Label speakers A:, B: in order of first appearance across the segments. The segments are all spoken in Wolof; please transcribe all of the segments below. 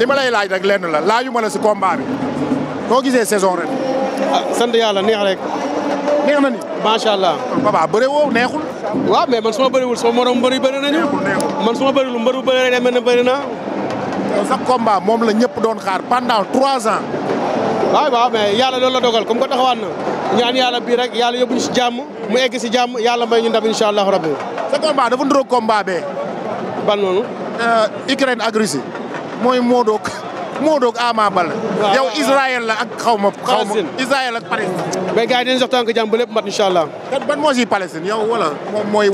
A: li ma lay laaj rek lenn la laajuma la si combat bi noo gisee saison ren. ah sant yàlla neex rek. neex na ni. macha allah. papa bëre woo neexul. waaw mais man su ma bëriwul sama morom mbër yi bëri nañu. man suma ma bëriwul mbër bu bëri rek mel na bëri na sa combat moom la ñëpp doon xaar pendant trois ans. waaw waaw mais yàlla loolu la dogal comme ko taxawaat na ñaan yàlla bii rek yàlla si jàmm mu egg si jàmm yàlla may ñu ndam incha allah rabbi. sa combat dafa nduróog combat bee. ban noonu. Euh, Ukraine ak mooy Modou Modou ak Ama ak xaw ma. xaw ma Israël ak Palestine. mais gars yi dinañ jox tànk jàmm mat incha allah. kat Palestine yow wala moom mooy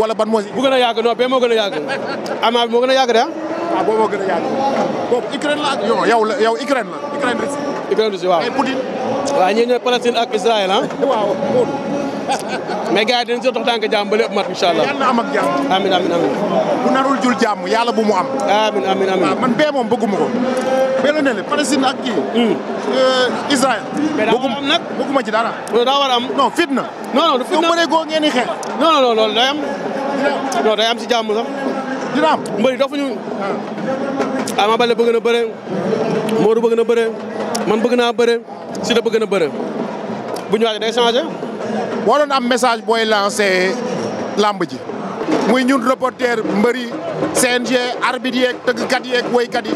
A: bu gën a yàgg non bee moo gën a yàgg Ama bi moo gën a yàgg de ah. ah moo gën a yàgg boobu Ukraine la ak yow yow la yow Ukraine waaw mais Poutine. waaw ah? waaw mais gars yi dinañ si dox tànk jàmm mat incha allah. na am ak jàmm. amiin bu narul jul jàmm yàlla bu mu am. amiin amiin amiin waaw man bee moom bëgguma ko. benn ne la Palestine ak kii. Hmm. Euh, Israël. mais daa war a am nag bëgguma ci dara. daa war a am. non fitna. non non du fitna yow bëree goo ngeen di xeex. non non day am. non day am si jàmm sax. dina am mbëri dofuñu. Ama bëgg na bëre. bëgg na bëre. man bëgg naa bëre. Siteu bëgg na bëre. bu ñu changé. boo doon am message booy lancé làmb ji muy ñun reporter mbëri CNG arbitre yeeg tëggkat yeeg woykat yi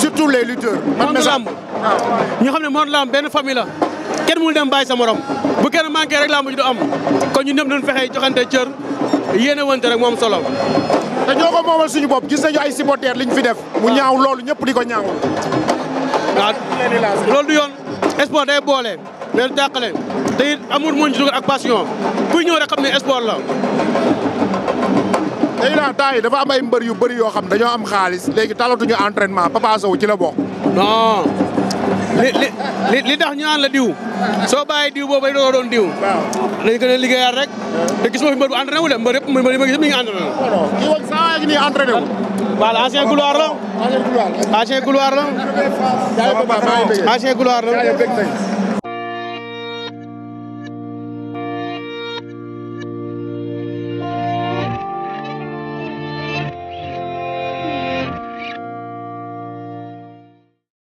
A: surtout les lutteurs. man message ñu xam ne moom làmb benn familla la kenn mënul dem bàyyi sa morom bu kenn manqué rek lamb ji du am kon ñu ñëpp nañu fexe joxante cër yéene wante rek moom solo. ta ñoo ko moomal suñu bopp gis nañu ay supporters liñ fi def. mu ñaaw loolu ñëpp di ko ñaawal. waaw loolu du yoon sport day boole. nee na jàqale te it amour moo ñu dugal ak passion kuy ñëw rek xam ne sport la. tey daal temps yi dafa am ay mbër yu bëri yoo xam dañoo am xaalis léegi talatuñu entraînement Papa Sow ci la bokk. non li li li ñu naan la diw soo bàyyi diw boobu doo doon diw. waaw dañu gën a rek. te gis nga fi mbër bu entraîné wu de mbër yëpp mbër yëpp mi ngi entraîné. non kii woon saa waay gi nii entraîné wu. voilà ancien couloir la. ancien couloir la. ancien couloir